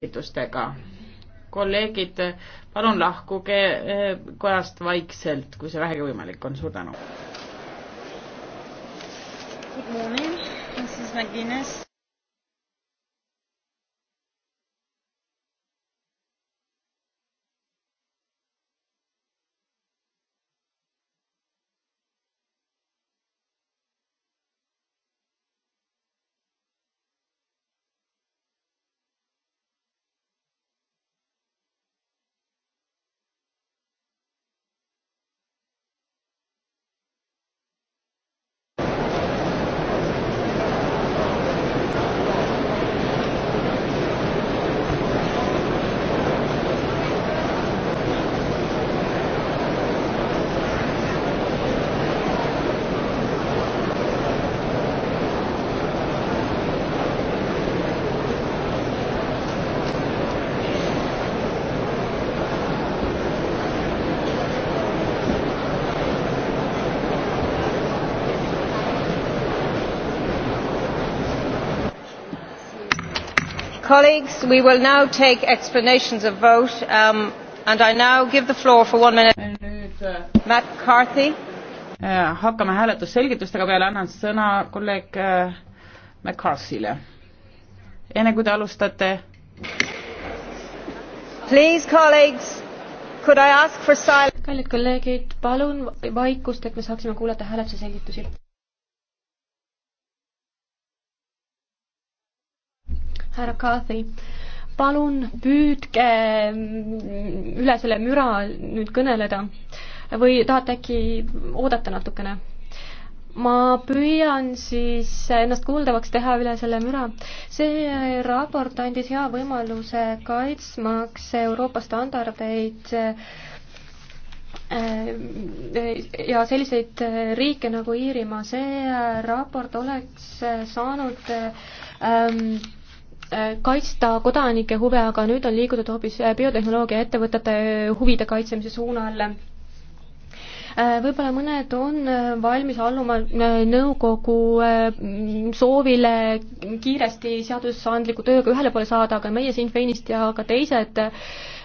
soovitustega. kolleegid, palun lahkuge eh, kojast vaikselt, kui see vähegi võimalik on, suur tänu. Good morning, this is McGuinness. colleagues we will now take explanations of vote um, and i now give the floor for one minute Nüüd, äh, matt carthy äh, hakkame hääletusselgitustega peale annan sõna kolleeg äh, McCarthy'le enne kui te alustate please colleagues could i ask for silence kallid kolleegid palun vaikust et me saaksime kuulata hääletuse selgitusi härra Cathy, palun püüdke mm, üle selle müra nüüd kõneleda või tahate äkki oodata natukene? ma püüan siis ennast kuuldavaks teha üle selle müra. see raport andis hea võimaluse kaitsmaks Euroopa standardeid eh, ja selliseid riike nagu Iirimaa. see raport oleks saanud ähm, Äh, kaitsta kodanike huve, aga nüüd on liigutud hoopis äh, biotehnoloogia ettevõtete äh, huvide kaitsemise suunal. võib-olla mõned on valmis alluma nõukogu soovile kiiresti seadusandliku tööga ühele poole saada, aga meie siin Feinist ja ka teised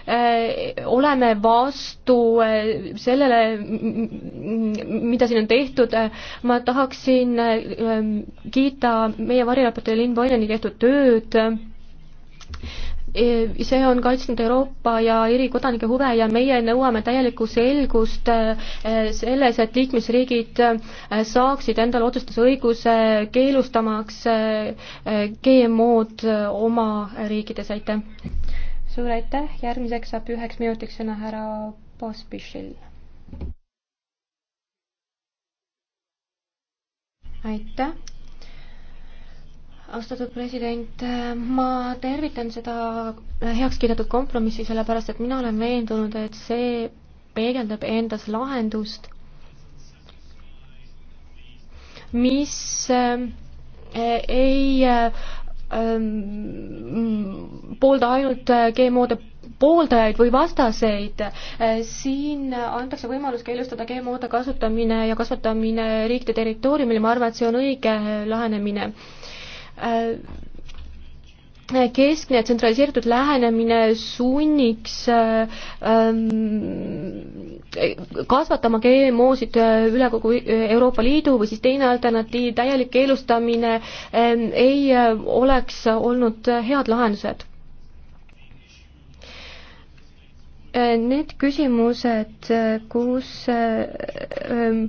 Äh, oleme vastu äh, sellele, mida siin on tehtud, äh, ma tahaksin ähm, kiita meie variraportööri Lynn Boylani tehtud tööd, see on kaitsnud Euroopa ja eri kodanike huve ja meie nõuame täielikku selgust selles, et liikmesriigid saaksid endale otsustusõiguse keelustamaks GMO-d oma riikides, aitäh! suur aitäh, järgmiseks saab üheks minutiks sõna härra Pospišil. aitäh austatud president, ma tervitan seda heaks kiidetud kompromissi, sellepärast et mina olen veendunud, et see peegeldab endas lahendust, mis äh, ei äh, poolda ainult äh, GMO-de pooldajaid või vastaseid. Äh, siin antakse võimalus keelustada GMO-de kasutamine ja kasvatamine riikide territooriumil, ma arvan, et see on õige äh, lähenemine keskne tsentraliseeritud lähenemine sunniks ähm, kasvatama GMO-sid äh, üle kogu äh, Euroopa Liidu või siis teine alternatiiv, täielik keelustamine ähm, ei äh, oleks olnud head lahendused Äh, need küsimused, äh, kus äh, ähm,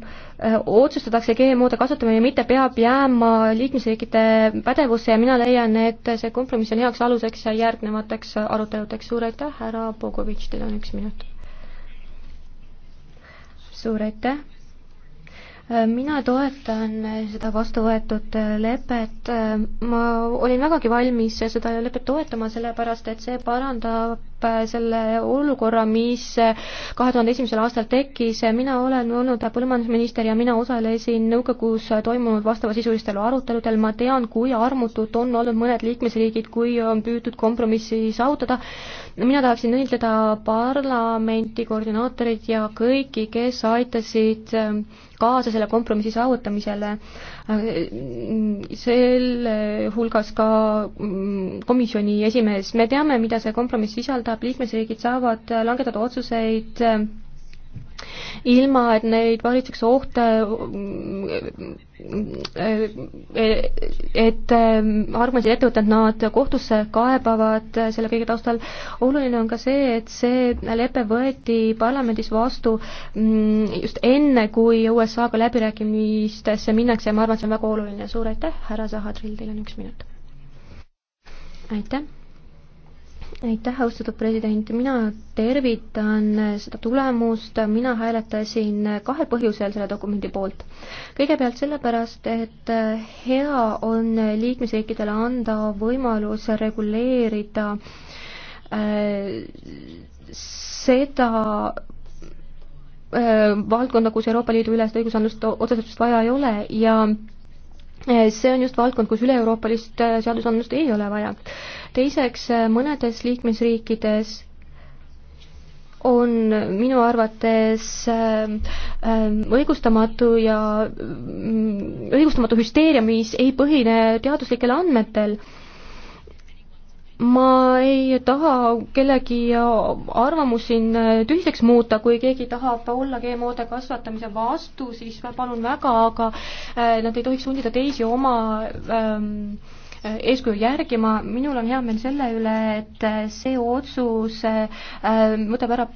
otsustatakse GMO-de kasutamine mitte, peab jääma liikmesriikide pädevusse ja mina leian, et see kompromiss on heaks aluseks järgnevateks aruteludeks. suur aitäh, härra Bogovitš, teil on üks minut. suur aitäh mina toetan seda vastu võetud lepet. ma olin vägagi valmis seda lepet toetama, sellepärast et see parandab selle olukorra, mis kahe tuhande esimesel aastal tekkis. mina olen olnud põllumajandusminister ja mina osalesin nõukogus toimunud vastavasisulistel aruteludel. ma tean, kui armutud on olnud mõned liikmesriigid, kui on püütud kompromissi saavutada mina tahaksin õnnitleda parlamenti, koordinaatorid ja kõiki, kes aitasid ähm, kaasa selle kompromissi saavutamisele, äh, selle hulgas ka mm, komisjoni esimees. me teame, mida see kompromiss sisaldab, liikmesriigid saavad langetada otsuseid ähm, ilma, et neid valitseks oht, et ähm, arvamused ettevõtted, nad kohtusse kaebavad äh, selle kõige taustal. oluline on ka see, et see lepe võeti parlamendis vastu mm, just enne, kui USA-ga läbirääkimistesse minnakse ja ma arvan, et see on väga oluline. suur aitäh, härra Zahhatril, teil on üks minut. aitäh aitäh, austatud president, mina tervitan seda tulemust, mina hääletasin kahel põhjusel selle dokumendi poolt. kõigepealt sellepärast, et hea on liikmesriikidele anda võimalus reguleerida äh, seda äh, valdkonda, kus Euroopa Liidu ülest õigusandlust otseselt vaja ei ole ja Eh, see on just valdkond, kus üle-euroopalist eh, seadusandlust ei ole vaja. teiseks, eh, mõnedes liikmesriikides on minu arvates õigustamatu ja mm, õigustamatu hüsteeria, mis ei põhine teaduslikel andmetel ma ei taha kellegi arvamust siin äh, tühiseks muuta, kui keegi tahab olla GMO-de kasvatamise vastu, siis palun väga, aga äh, nad ei tohiks sundida teisi oma ähm, eeskuju järgima, minul on hea meel selle üle, et see otsus äh, võtab ära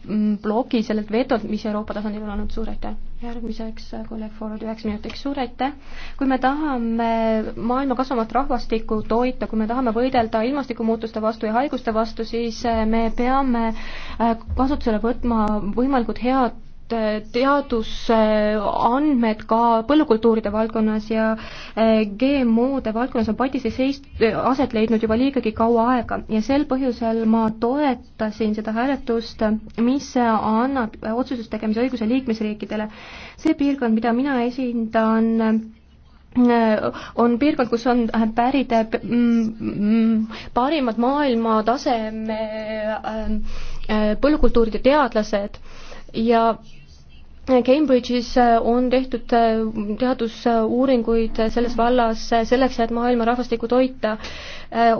ploki sellelt vetolt, mis Euroopa tasandil on olnud, suur aitäh! järgmiseks äh, kolleeg Ford üheks minutiks, suur aitäh! kui me tahame maailma kasvavat rahvastikku toita, kui me tahame võidelda ilmastikumuutuste vastu ja haiguste vastu, siis äh, me peame kasutusele võtma võimalikult head Äh, teadusandmed äh, ka põllukultuuride valdkonnas ja äh, GMO-de valdkonnas on Padise seis-, aset leidnud juba liigagi kaua aega ja sel põhjusel ma toetasin seda hääletust, mis annab otsustustegemise õiguse liikmesriikidele. see piirkond, mida mina esindan, on piirkond, kus on pärit mm, parimad maailmataseme põllukultuuride teadlased ja Cambridge'is äh, on tehtud äh, teadusuuringuid äh, selles vallas selleks, et maailma rahvastikku toita.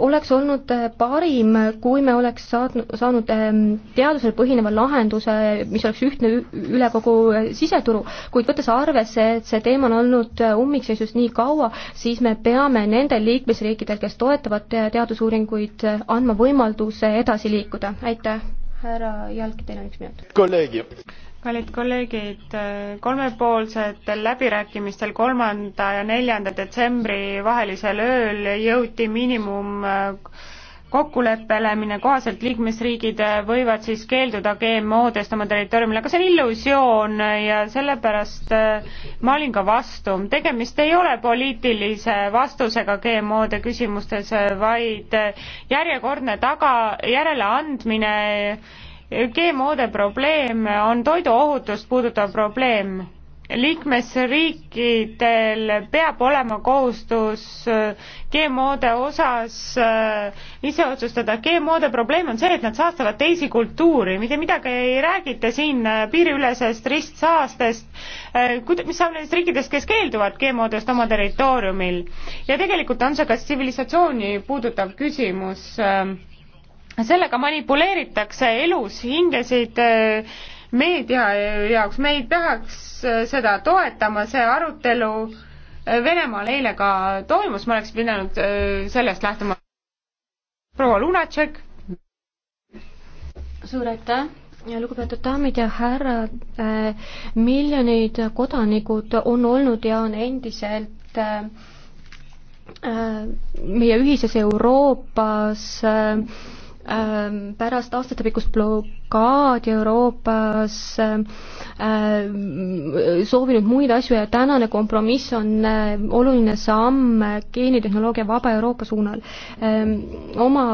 oleks olnud parim, kui me oleks saadnud, saanud ähm, teadusel põhineva lahenduse, mis oleks ühtne üle kogu siseturu, kuid võttes arvesse, et see teema on olnud ummikseisus nii kaua, siis me peame nendel liikmesriikidel, kes toetavad teadusuuringuid, andma võimaluse edasi liikuda. aitäh, härra Jalk, teil on üks minut. kolleeg kallid kolleegid, kolmepoolsetel läbirääkimistel kolmanda ja neljanda detsembri vahelisel ööl jõuti miinimum äh, kokkuleppele, mille kohaselt liikmesriigid võivad siis keelduda GMO-dest oma territooriumil, aga see on illusioon ja sellepärast äh, ma olin ka vastu. tegemist ei ole poliitilise vastusega GMO-de küsimustes, vaid järjekordne taga, järeleandmine GMO-de probleem on toiduohutust puudutav probleem. liikmesriikidel peab olema kohustus äh, GMO-de osas äh, ise otsustada. GMO-de probleem on see, et nad saastavad teisi kultuuri, mitte midagi ei räägita siin äh, piiriülesest ristsaastest, kuida-, mis saab nendest riikidest, kes keelduvad GMO-dest oma territooriumil. ja tegelikult on see ka tsivilisatsiooni puudutav küsimus sellega manipuleeritakse elus hingesid eh, meedia jaoks, me ei peaks eh, seda toetama, see arutelu eh, Venemaal eile ka toimus, ma oleks pidanud sellest lähtuma. proua Lunatšek. suur aitäh ja lugupeetud daamid ja härrad, miljonid kodanikud on olnud ja on endiselt meie ühises Euroopas äh, Ähm, pärast aastatepikkust blokaadi Euroopas ähm, äh, soovinud muid asju ja tänane kompromiss on äh, oluline samm geenitehnoloogia vaba Euroopa suunal. Ähm, oma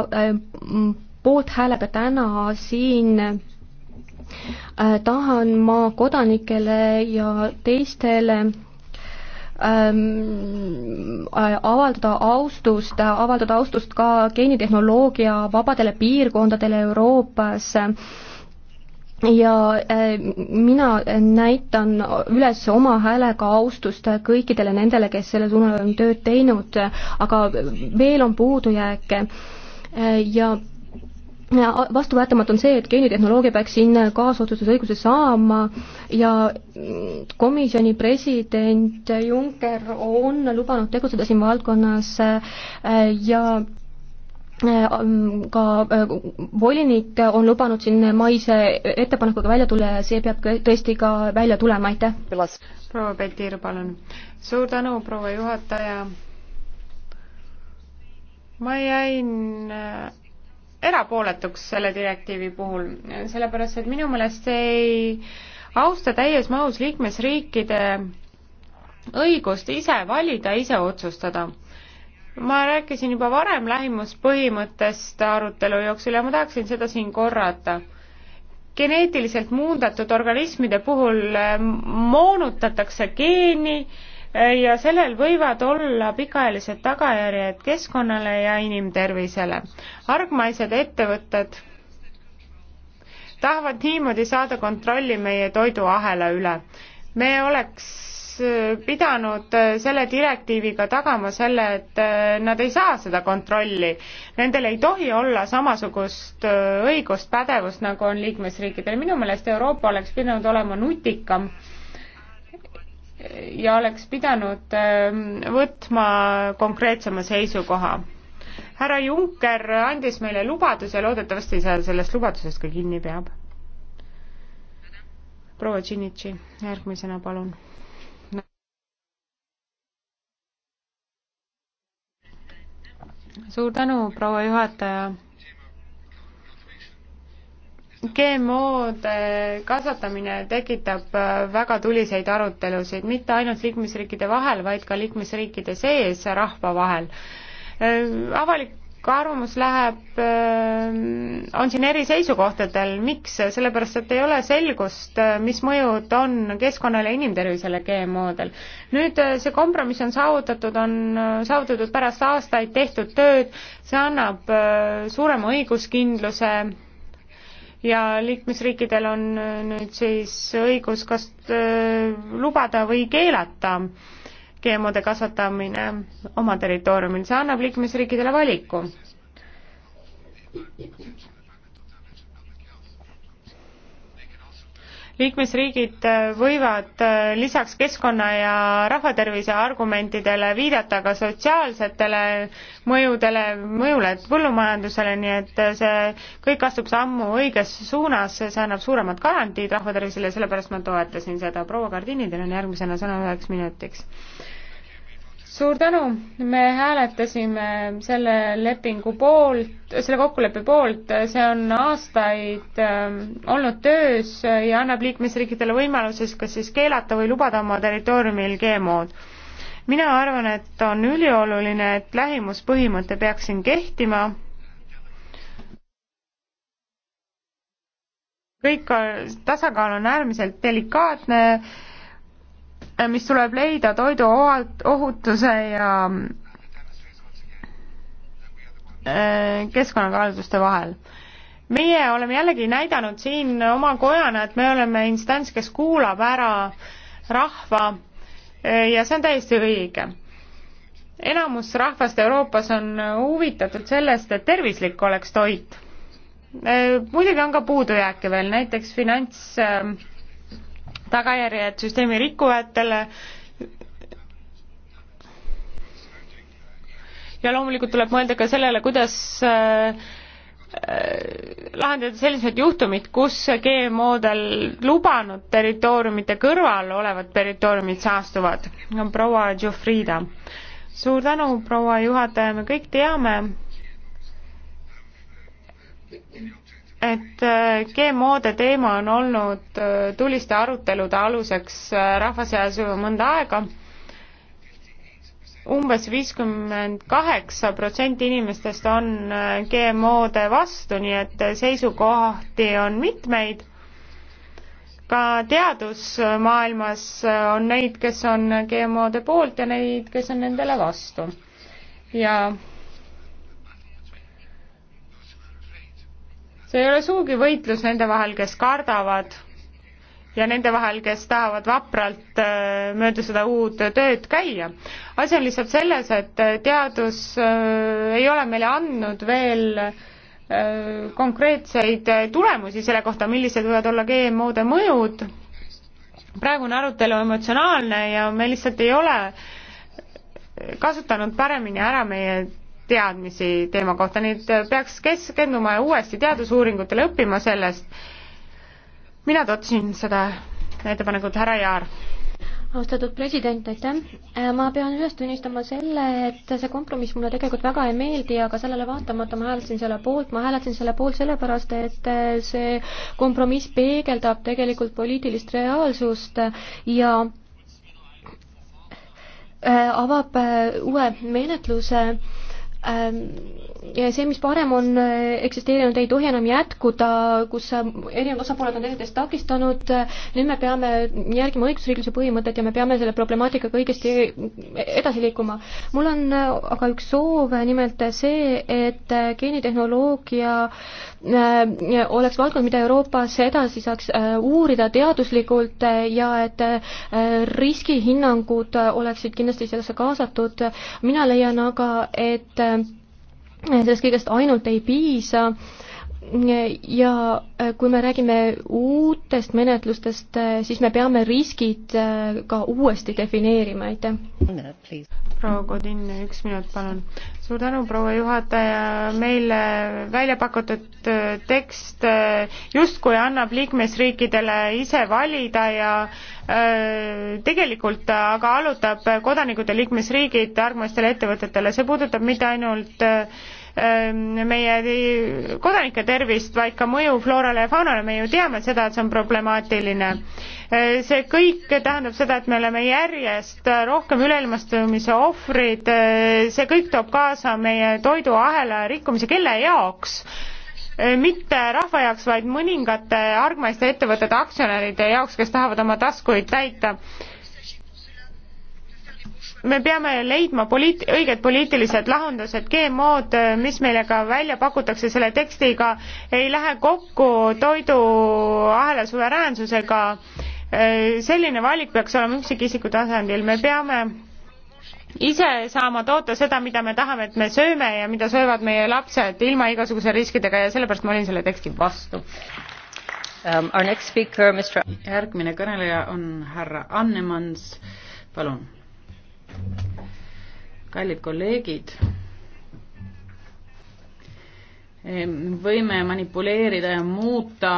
poolthäälega täna siin äh, tahan ma kodanikele ja teistele ähm, äh, avaldada austust, avaldada austust ka geenitehnoloogia vabadele piirkondadele Euroopas ja äh, mina näitan üles oma häälega austust kõikidele nendele, kes selle suunal on tööd teinud, aga veel on puudujääke äh, ja vastuvõetamatu on see, et geenitehnoloogia peaks siin kaasotsustusõiguse saama ja komisjoni president Juncker on lubanud tegutseda siin valdkonnas äh, ja äh, ka äh, volinik on lubanud siin maise ettepanekuga välja tulla ja see peab tõesti ka välja tulema, aitäh. proua Petir, palun. suur tänu, proua juhataja. ma jäin erapooletuks selle direktiivi puhul, sellepärast et minu meelest see ei austa täies mahus liikmesriikide õigust ise valida, ise otsustada. ma rääkisin juba varem lähimuspõhimõttest arutelu jooksul ja ma tahaksin seda siin korrata geneetiliselt muundatud organismide puhul moonutatakse geeni äh, ja sellel võivad olla pikaajalised tagajärjed keskkonnale ja inimtervisele. argmaised ettevõtted tahavad niimoodi saada kontrolli meie toiduahela üle. me oleks äh, pidanud äh, selle direktiiviga tagama selle, et äh, nad ei saa seda kontrolli. Nendel ei tohi olla samasugust õigust, pädevust, nagu on liikmesriikidel. minu meelest Euroopa oleks pidanud olema nutikam ja oleks pidanud ähm, võtma konkreetsema seisukoha. härra Juncker andis meile lubaduse, loodetavasti ta sellest lubadusest ka kinni peab. proua Tšinitši, järgmisena palun. suur tänu, proua juhataja GMO-de kasvatamine tekitab äh, väga tuliseid arutelusid, mitte ainult liikmesriikide vahel, vaid ka liikmesriikide sees rahva vahel. Äh, avalik arvamus läheb, äh, on siin eri seisukohtadel, miks, sellepärast et ei ole selgust, mis mõjud on keskkonnale ja inimtervisele GMO-del. nüüd see kompromiss on saavutatud, on saavutatud pärast aastaid tehtud tööd, see annab suurema õiguskindluse ja liikmesriikidel on äh, nüüd siis õigus kas äh, lubada või keelata GMO-de kasvatamine oma territooriumil, see annab liikmesriikidele valiku liikmesriigid võivad äh, lisaks keskkonna ja rahvatervise argumentidele viidata ka sotsiaalsetele mõjudele, mõjule põllumajandusele, nii et äh, see kõik astub sammu õiges suunas, see annab suuremad garantiid rahvatervisele, sellepärast ma toetasin seda. proua Kardini, teil on järgmisena sõna üheks minutiks suur tänu, me hääletasime selle lepingu poolt, selle kokkuleppe poolt, see on aastaid äh, olnud töös ja annab liikmesriikidele võimaluses kas siis keelata või lubada oma territooriumil GMO-d. mina arvan, et on ülioluline, et lähimuspõhimõte peaks siin kehtima kõik on, tasakaal on äärmiselt delikaatne mis tuleb leida toidu ohutuse ja äh, keskkonnakaalutluste vahel. meie oleme jällegi näidanud siin oma kojana, et me oleme instants, kes kuulab ära rahva äh, ja see on täiesti õige. enamus rahvast Euroopas on huvitatud sellest, et tervislik oleks toit. Äh, muidugi on ka puudujääke veel, näiteks finants äh, tagajärjed süsteemi rikkujatele ja loomulikult tuleb mõelda ka sellele, kuidas äh, lahendada sellised juhtumid, kus GMO-del lubanud territooriumite kõrval olevad territooriumid saastuvad. proua Jufrida, suur tänu, proua juhataja, me kõik teame, et äh, GMO-de teema on olnud äh, tuliste arutelude aluseks äh, rahva seas juba mõnda aega umbes. umbes viiskümmend kaheksa protsenti inimestest on GMO-de vastu, nii et seisukohti on mitmeid. ka teadusmaailmas on neid, kes on GMO-de poolt ja neid, kes on nendele vastu. ja see ei ole sugugi võitlus nende vahel, kes kardavad ja nende vahel, kes tahavad vapralt äh, mööda seda uut tööd käia. asi on lihtsalt selles, et äh, teadus äh, ei ole meile andnud veel konkreetseid tulemusi selle kohta, millised võivad olla GMO-de mõjud. praegune arutelu on emotsionaalne ja me lihtsalt ei ole kasutanud paremini ära meie teadmisi teema kohta, nii et äh, peaks keskenduma uuesti teadusuuringutele, õppima sellest. mina toetasin seda ettepanekut, härra Jaar austatud president, aitäh! Äh, ma pean üles tunnistama selle, et see kompromiss mulle tegelikult väga ei meeldi, aga sellele vaatamata ma hääletasin selle poolt, ma hääletasin selle poolt sellepärast, et äh, see kompromiss peegeldab tegelikult poliitilist reaalsust ja avab uue menetluse ähm, see, mis varem on äh, eksisteerinud, ei tohi enam jätkuda, kus äh, erinevad osapooled on teineteist takistanud, nüüd me peame järgima õigusriikluse põhimõtet ja me peame selle problemaatikaga õigesti edasi liikuma. mul on äh, aga üks soov, nimelt see, et geenitehnoloogia oleks valdkond, mida Euroopas edasi saaks uurida teaduslikult ja et riskihinnangud oleksid kindlasti sellesse kaasatud. mina leian aga, et sellest kõigest ainult ei piisa ja äh, kui me räägime uutest menetlustest, äh, siis me peame riskid äh, ka uuesti defineerima, aitäh. proua Kodin, üks minut, palun. suur tänu, proua juhataja, meile välja pakutud tekst justkui annab liikmesriikidele ise valida ja tegelikult aga allutab kodanikud ja liikmesriigid armastele ettevõtetele, see puudutab mitte ainult äh, Ähm, meie kodanike tervist, vaid ka mõju floorale ja faunale, me ju teame seda, et see on problemaatiline. Äh, see kõik tähendab seda, et me oleme järjest rohkem üleilmastumise ohvrid, äh, see kõik toob kaasa meie toiduahela rikkumise, kelle jaoks? Äh, mitte rahva jaoks, vaid mõningate argmaiste ettevõtete aktsionäride jaoks, kes tahavad oma taskuid täita me peame leidma poliit-, õiged poliitilised lahendused, GMO-d, mis meile ka välja pakutakse selle tekstiga, ei lähe kokku toiduahela suveräänsusega. selline valik peaks olema üksikisiku tasandil, me peame ise saama toota seda, mida me tahame, et me sööme ja mida söövad meie lapsed ilma igasuguse riskidega ja sellepärast ma olin selle teksti vastu. Um, our next speaker, Mr. järgmine kõneleja on härra Annemans, palun kallid kolleegid, võime manipuleerida ja muuta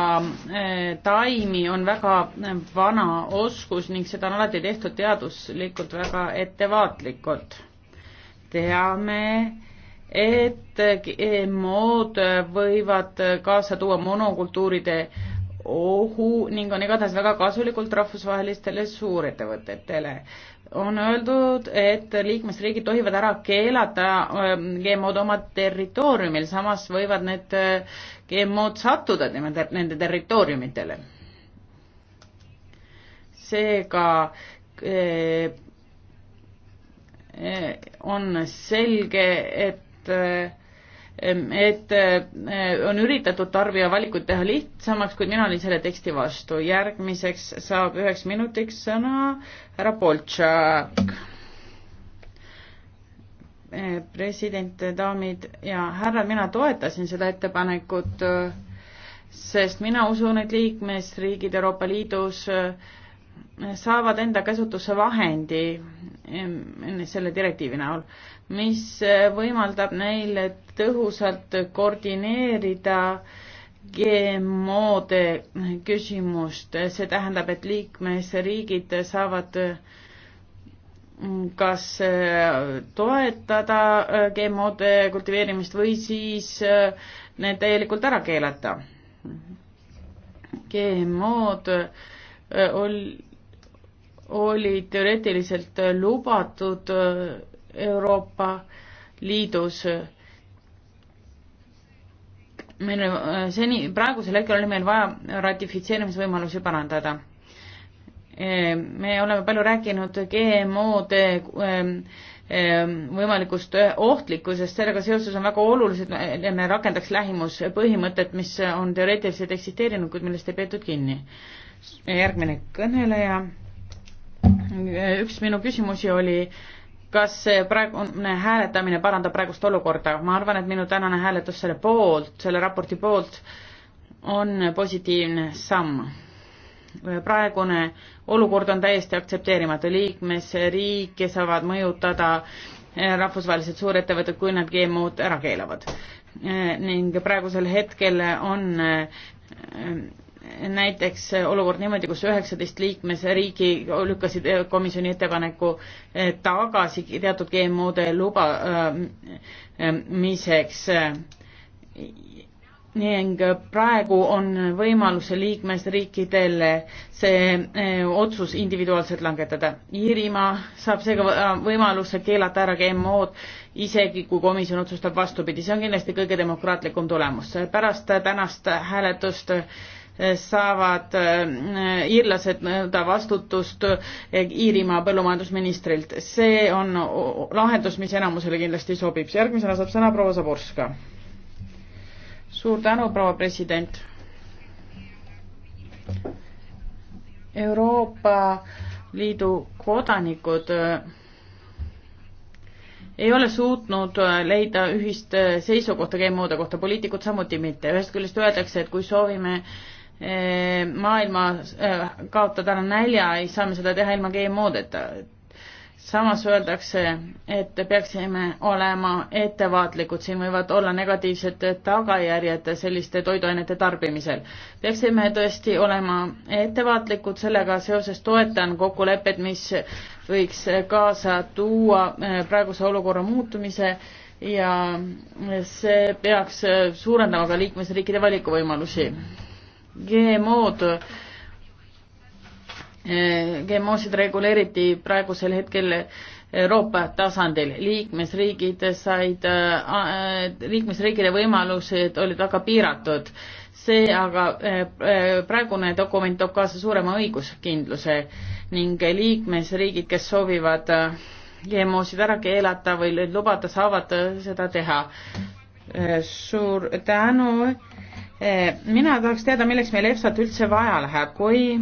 eh, taimi, on väga eh, vana oskus ning seda on alati tehtud teaduslikult väga ettevaatlikult. teame, et GMO-d võivad kaasa tuua monokultuuride ohu ning on igatahes väga kasulikult rahvusvahelistele suurettevõtetele on öeldud, et liikmesriigid tohivad ära keelata ähm, GMO-d oma territooriumil, samas võivad need äh, GMO-d sattuda nende, nende territooriumitele. seega äh, äh, on selge, et et eh, on üritatud tarbija valikuid teha lihtsamaks, kuid mina olin selle teksti vastu. järgmiseks saab üheks minutiks sõna härra Boltšak. Eh, president, daamid ja härrad, mina toetasin seda ettepanekut, eh, sest mina usun, et liikmesriigid Euroopa Liidus äh, saavad enda käsutusse vahendi selle direktiivi näol, mis eh, võimaldab neil tõhusalt koordineerida GMO-de küsimust, see tähendab, et liikmesriigid saavad mm, kas eh, toetada eh, GMO-de kultiveerimist või siis need täielikult ära keelata. GMO-d ol-, oli teoreetiliselt lubatud äh, Euroopa Liidus. meil äh, seni, praegusel hetkel oli meil vaja ratifitseerimisvõimalusi parandada. Äh, me oleme palju rääkinud GMO-de ähm, ähm, võimalikust ohtlikkusest, sellega seoses on väga olulised, et me rakendaks lähimuspõhimõtet, mis on teoreetiliselt eksisteerinud, kuid millest ei peetud kinni. järgmine kõneleja üks minu küsimusi oli, kas see praegune hääletamine parandab praegust olukorda, ma arvan, et minu tänane hääletus selle poolt, selle raporti poolt on positiivne samm. praegune olukord on täiesti aktsepteerimatu, liikmesriike saavad mõjutada rahvusvahelised suurettevõtted, kui nad GMO-d ära keelavad. ning praegusel hetkel on näiteks olukord niimoodi, kus üheksateist liikmesriigi lükkasid eh, komisjoni ettepaneku eh, tagasi teatud GMO-de lubamiseks eh, ning praegu on võimalus liikmesriikidel see otsus individuaalselt langetada. Iirimaa saab seega võimaluse keelata ära GMO-d, isegi kui komisjon otsustab vastupidi, see on kindlasti kõige demokraatlikum tulemus. pärast tänast hääletust äh, saavad äh, iirlased nõuda vastutust eh, Iirimaa põllumajandusministrilt. see on lahendus, mis enamusele kindlasti sobib. järgmisena saab sõna proua Zaborska. suur tänu, proua president. Euroopa Liidu kodanikud äh, ei ole suutnud äh, leida ühist seisukohta GMO-de kohta, poliitikud samuti mitte. ühest küljest öeldakse, et kui soovime äh, maailma äh, kaotada enam nälja, ei saa me seda teha ilma GMO-deta. samas öeldakse, et peaksime olema ettevaatlikud, siin võivad olla negatiivsed tagajärjed selliste toiduainete tarbimisel. peaksime tõesti olema ettevaatlikud, sellega seoses toetan kokkulepet, mis võiks kaasa tuua äh, praeguse olukorra muutumise ja see peaks suurendama ka liikmesriikide valikuvõimalusi GMO-d. GMO-sid reguleeriti praegusel hetkel Euroopa tasandil, liikmesriigid said, äh, liikmesriigide võimalused olid väga piiratud. see aga, äh, praegune dokument toob kaasa suurema õiguskindluse ning liikmesriigid, kes soovivad äh, GMO-sid ära keelata või lubada, saavad seda teha. suur tänu Eh, mina tahaks teada, milleks meil EFSA-t üldse vaja läheb, kui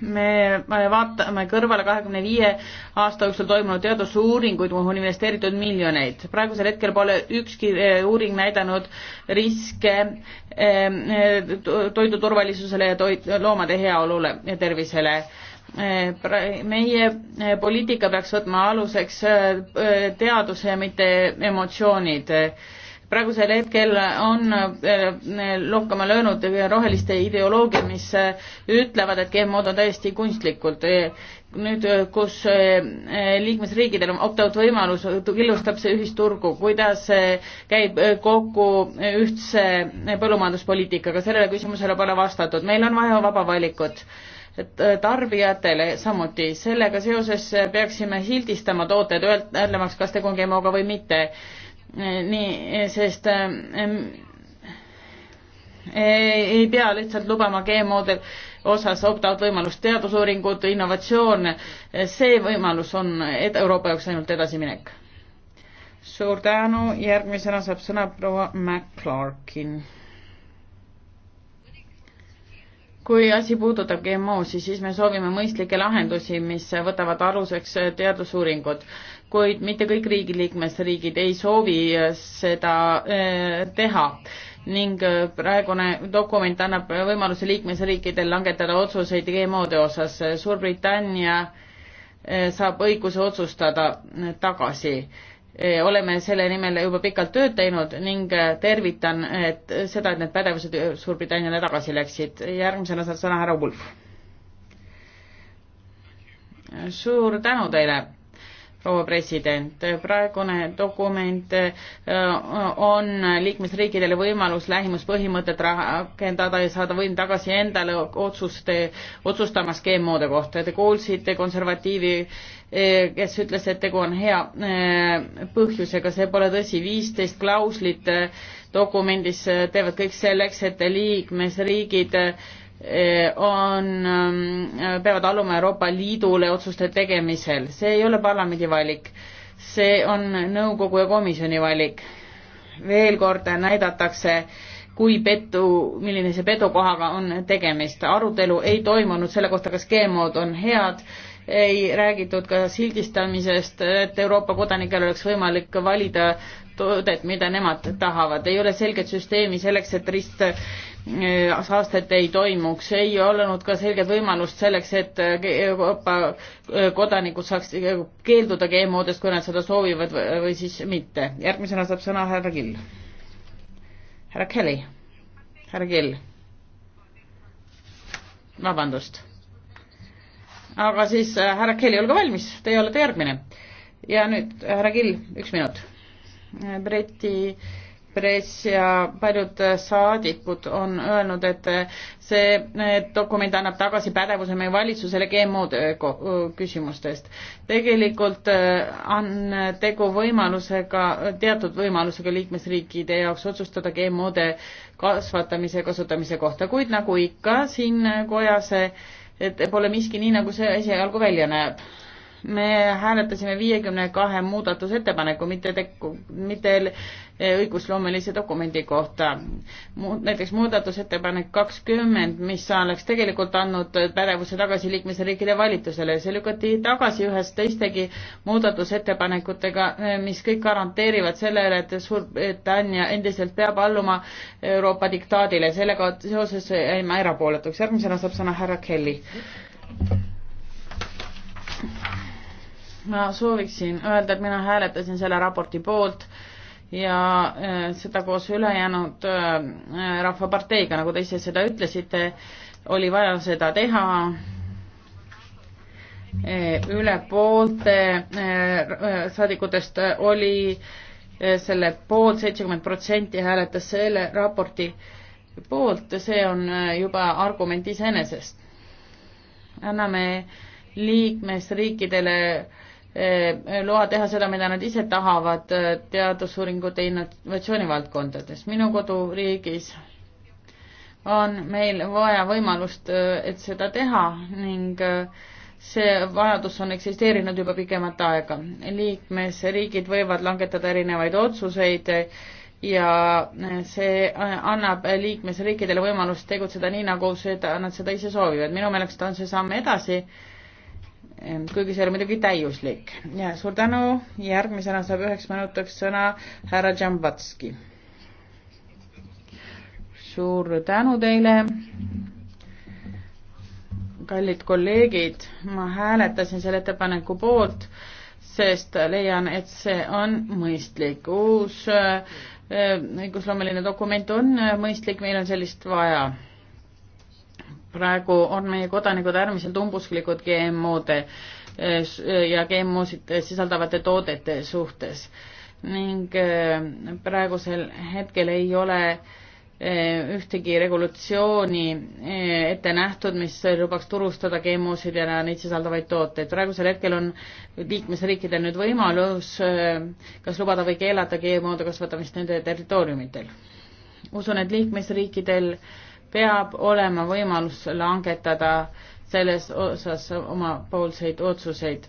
me vaatame kõrvale kahekümne viie aasta jooksul toimunud teadusuuringuid, kuhu on investeeritud miljoneid. praegusel hetkel pole ükski eh, uuring näidanud riske eh, toidu turvalisusele ja toit, loomade heaolule ja tervisele. meie poliitika peaks võtma aluseks teaduse ja mitte emotsioonid praegusel hetkel on äh, lokkama löönud roheliste ideoloogia, mis äh, ütlevad, et GMO-d on täiesti kunstlikult. nüüd, kus äh, liikmesriigidel on opt-out võimalus, killustab see ühisturgu, kuidas see käib kokku ühtse põllumajanduspoliitikaga, sellele küsimusele pole vastatud, meil on vaja vaba valikut tarbijatele samuti. sellega seoses peaksime sildistama tooted, öeldamaks, kas tegu on GMO-ga või mitte nii, sest ähm, ei pea lihtsalt lubama GMO-del osas opt-out võimalust, teadusuuringud, innovatsioon, see võimalus on Euroopa jaoks ainult edasiminek. suur tänu, järgmisena saab sõna proua McClarkin kui asi puudutab GMO-si, siis me soovime mõistlikke lahendusi, mis võtavad aluseks teadusuuringud, kuid mitte kõik riigi liikmesriigid ei soovi seda eh, teha ning praegune dokument annab võimaluse liikmesriikidel langetada otsuseid GMO-de osas. Suurbritannia eh, saab õiguse otsustada tagasi Eh, oleme selle nimel juba pikalt tööd teinud ning eh, tervitan, et seda, et need pädevused Suurbritanniale tagasi läksid. järgmisena saab sõna härra Wolf. suur tänu teile proua president, praegune dokument äh, on liikmesriikidele võimalus lähimuspõhimõtet rakendada ja saada võim tagasi endale otsuste, otsustamas GMO-de kohta. Te kuulsite konservatiivi äh, kes ütles, et tegu on hea äh, põhjusega, see pole tõsi, viisteist klauslit dokumendis teevad kõik selleks, et liikmesriigid Eh, on, ähm, peavad alluma Euroopa Liidule otsuste tegemisel, see ei ole parlamendi valik, see on nõukogu ja komisjoni valik. veel kord näidatakse, kui petu, milline see petukohaga on tegemist, arutelu ei toimunud selle kohta, kas GMO-d on head, ei räägitud ka sildistamisest, et Euroopa kodanikel oleks võimalik valida toodet, mida nemad tahavad, ei ole selget süsteemi selleks, et rist saastet äh, ei toimuks, ei olnud ka selget võimalust selleks, et äh, Euroopa äh, kodanikud saaks keelduda GMO-dest, kui nad seda soovivad või siis mitte. järgmisena saab sõna härra Kill. härra Kelly, härra Kill. vabandust. aga siis härra Kelly, olge valmis, teie olete järgmine. ja nüüd härra Kill, üks minut. Briti äh, press ja paljud saadikud on öelnud, et see dokument annab tagasi pädevuse meie valitsusele GMO-de küsimustest. tegelikult äh, on tegu võimalusega, teatud võimalusega liikmesriikide jaoks otsustada GMO-de kasvatamise ja kasutamise kohta, kuid nagu ikka siin kojas, et pole miski nii, nagu see esialgu välja näeb me hääletasime viiekümne kahe muudatusettepaneku, mitte teku, mitte õigusloomelise dokumendi kohta. näiteks muudatusettepanek kakskümmend, mis oleks tegelikult andnud pädevuse tagasi liikmesriigile valitsusele, see lükati tagasi ühes teistegi muudatusettepanekutega, mis kõik garanteerivad sellele, et Suurbritannia endiselt peab alluma Euroopa diktaadile, sellega seoses jäime erapooletuks. järgmisena saab sõna härra Kelly ma sooviksin öelda, et mina hääletasin selle raporti poolt ja äh, seda koos ülejäänud äh, Rahvaparteiga, nagu te ise seda ütlesite, oli vaja seda teha äh, üle poolte saadikutest oli selle poolt, seitsekümmend protsenti hääletas selle raporti poolt, see on juba argument iseenesest. anname liikmesriikidele äh, Eh, loa teha seda, mida nad ise tahavad eh, teadusuuringute innovatsiooni valdkondades. minu koduriigis on meil vaja võimalust, eh, et seda teha ning see vajadus on eksisteerinud juba pikemat aega. liikmesriigid võivad langetada erinevaid otsuseid ja see annab liikmesriikidele võimalust tegutseda nii, nagu seda, nad seda ise soovivad. minu meelest on see samm edasi kuigi see ei ole muidugi täiuslik. ja suur tänu, järgmisena saab üheks minutiks sõna härra Džambatski. suur tänu teile, kallid kolleegid, ma hääletasin selle ettepaneku poolt, sest leian, et see on mõistlik. uus äh, õigusloomeline dokument on mõistlik, meil on sellist vaja praegu on meie kodanikud äärmiselt umbusklikud GMO-de eh, eh, ja GMO-sid sisaldavate toodete suhtes ning eh, praegusel hetkel ei ole ühtegi regulatsiooni ette nähtud, mis lubaks turustada GMO-sid ja neid sisaldavaid tooteid. praegusel hetkel on liikmesriikidel nüüd võimalus kas lubada või keelata GMO-de kasvatamist nende territooriumitel. usun, et liikmesriikidel äh, peab olema võimalus langetada selles osas omapoolseid otsuseid.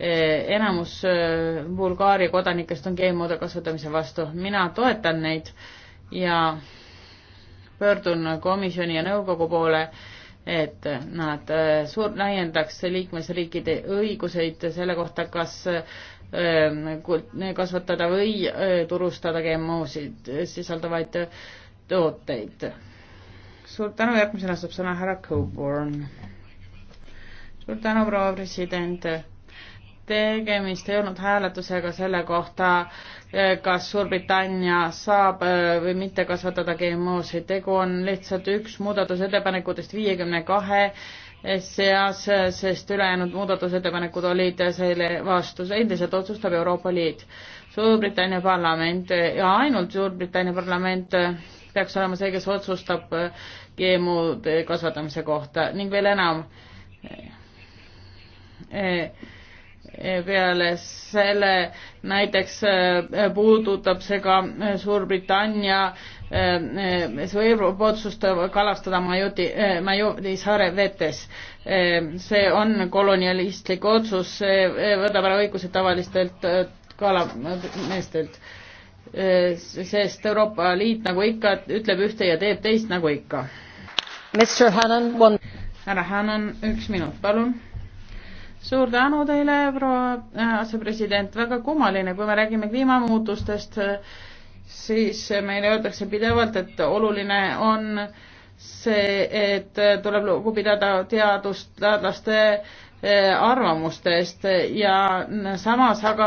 Eh, enamus eh, Bulgaaria kodanikest on GMO-de kasutamise vastu, mina toetan neid ja pöördun komisjoni ja nõukogu poole, et nad eh, suur-, laiendaks liikmesriikide õiguseid selle kohta, kas kasvatada või turustada GMO-sid sisaldavaid tooteid suur tänu, järgmisena saab sõna härra Coburn. suur tänu, proua president. tegemist ei olnud hääletusega selle kohta, eh, kas Suurbritannia saab eh, või mitte kasvatada GMO-sid, tegu on lihtsalt üks muudatusettepanekutest viiekümne kahe seas, sest ülejäänud muudatusettepanekud olid selle vastu, endiselt otsustab Euroopa Liit. Suurbritannia parlament ja ainult Suurbritannia parlament eh, peaks olema see, kes otsustab eh, GMO-de kasvatamise kohta ning veel enam eh, eh, peale selle näiteks puudutab see ka Suurbritannia võib otsust kalastada Majuti, Majuti saare vetes. see on kolonialistlik otsus, see võtab ära õigused tavalistelt kalameestelt Äh, sest Euroopa Liit nagu ikka ütleb ühte ja teeb teist nagu ikka. härra Hannan, üks minut, palun. suur tänu teile, proua äh, asepresident, väga kummaline, kui me räägime kliimamuutustest, äh, siis meile öeldakse pidevalt, et oluline on see, et tuleb lugu pidada teadust, teadlaste Eh, arvamustest ja samas aga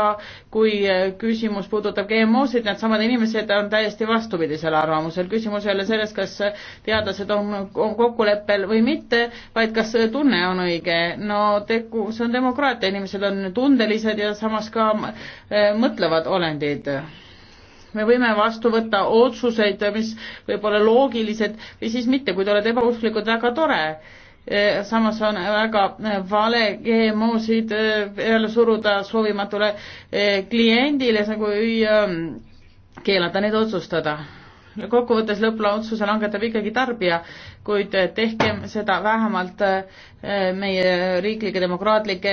kui eh, küsimus puudutab GMO-sid, needsamad inimesed on täiesti vastupidisel arvamusel. küsimus ei ole selles, kas teadlased on, on kokkuleppel või mitte, vaid kas tunne on õige. no tegu, see on demokraatia, inimesed on tundelised ja samas ka eh, mõtlevad olendid me võime vastu võtta otsuseid, mis võib olla loogilised või siis mitte, kui te olete ebausklikud, väga tore Eh, samas on väga eh, vale GMO-sid eh, peale suruda soovimatule kliendile, see on kui nagu ähm, keelata neid otsustada kokkuvõttes lõppotsuse langetab ikkagi tarbija, kuid tehkem seda vähemalt meie riiklike demokraatlike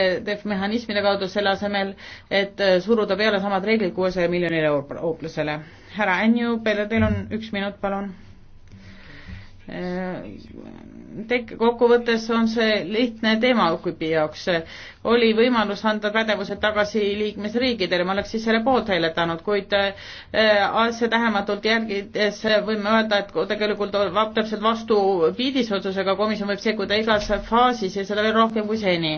mehhanismide kaudu, selle asemel, et suruda peale samad reeglid kuuesaja miljonile eurooplasele. härra Änju, teil on üks minut, palun tek-, kokkuvõttes on see lihtne teema Okupi jaoks. oli võimalus anda pädevused tagasi liikmesriikidele, ma oleks siis selle poolt hääletanud, kuid asjatähematult äh, jälgides võime öelda, et tegelikult täpselt vastupidise otsusega komisjon võib sekkuda igas faasis ja seda veel rohkem kui seni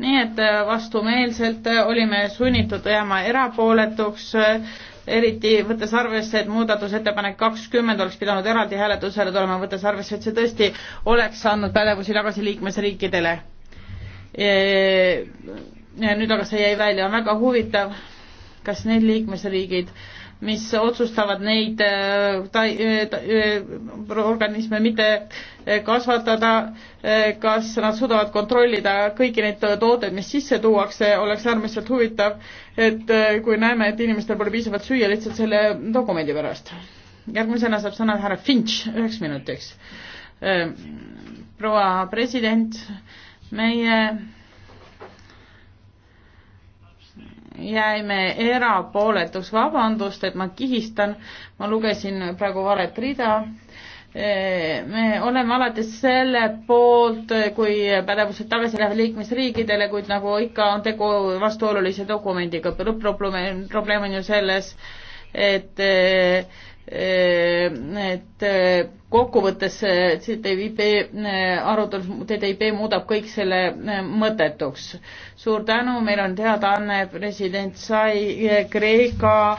nii et äh, vastumeelselt olime sunnitud jääma erapooletuks äh, eriti võttes arvesse, et muudatusettepanek kakskümmend oleks pidanud eraldi hääletusele tulema, võttes arvesse, et see tõesti oleks andnud pädevusi tagasi liikmesriikidele. E, nüüd aga see jäi välja, on väga huvitav, kas need liikmesriigid, mis otsustavad neid äh, ta, äh, ta, äh, organisme mitte kasvatada, kas nad suudavad kontrollida kõiki neid tooteid, mis sisse tuuakse, oleks äärmiselt huvitav, et kui näeme, et inimestel pole piisavalt süüa lihtsalt selle dokumendi pärast. järgmisena saab sõna härra Finch üheks minutiks. proua president, meie jäime erapooletuks, vabandust, et ma kihistan, ma lugesin praegu valet rida, e, me oleme alati selle poolt, kui pädevused tagasi lähevad liikmesriikidele, kuid nagu ikka, on tegu vastuolulise dokumendiga, lõpp-probleem on ju selles, et e, Ehm, et eh, kokkuvõttes eh, TTIP eh, arutelu, TTIP muudab kõik selle mõttetuks. suur tänu, meil on teadaanne, president sai Kreeka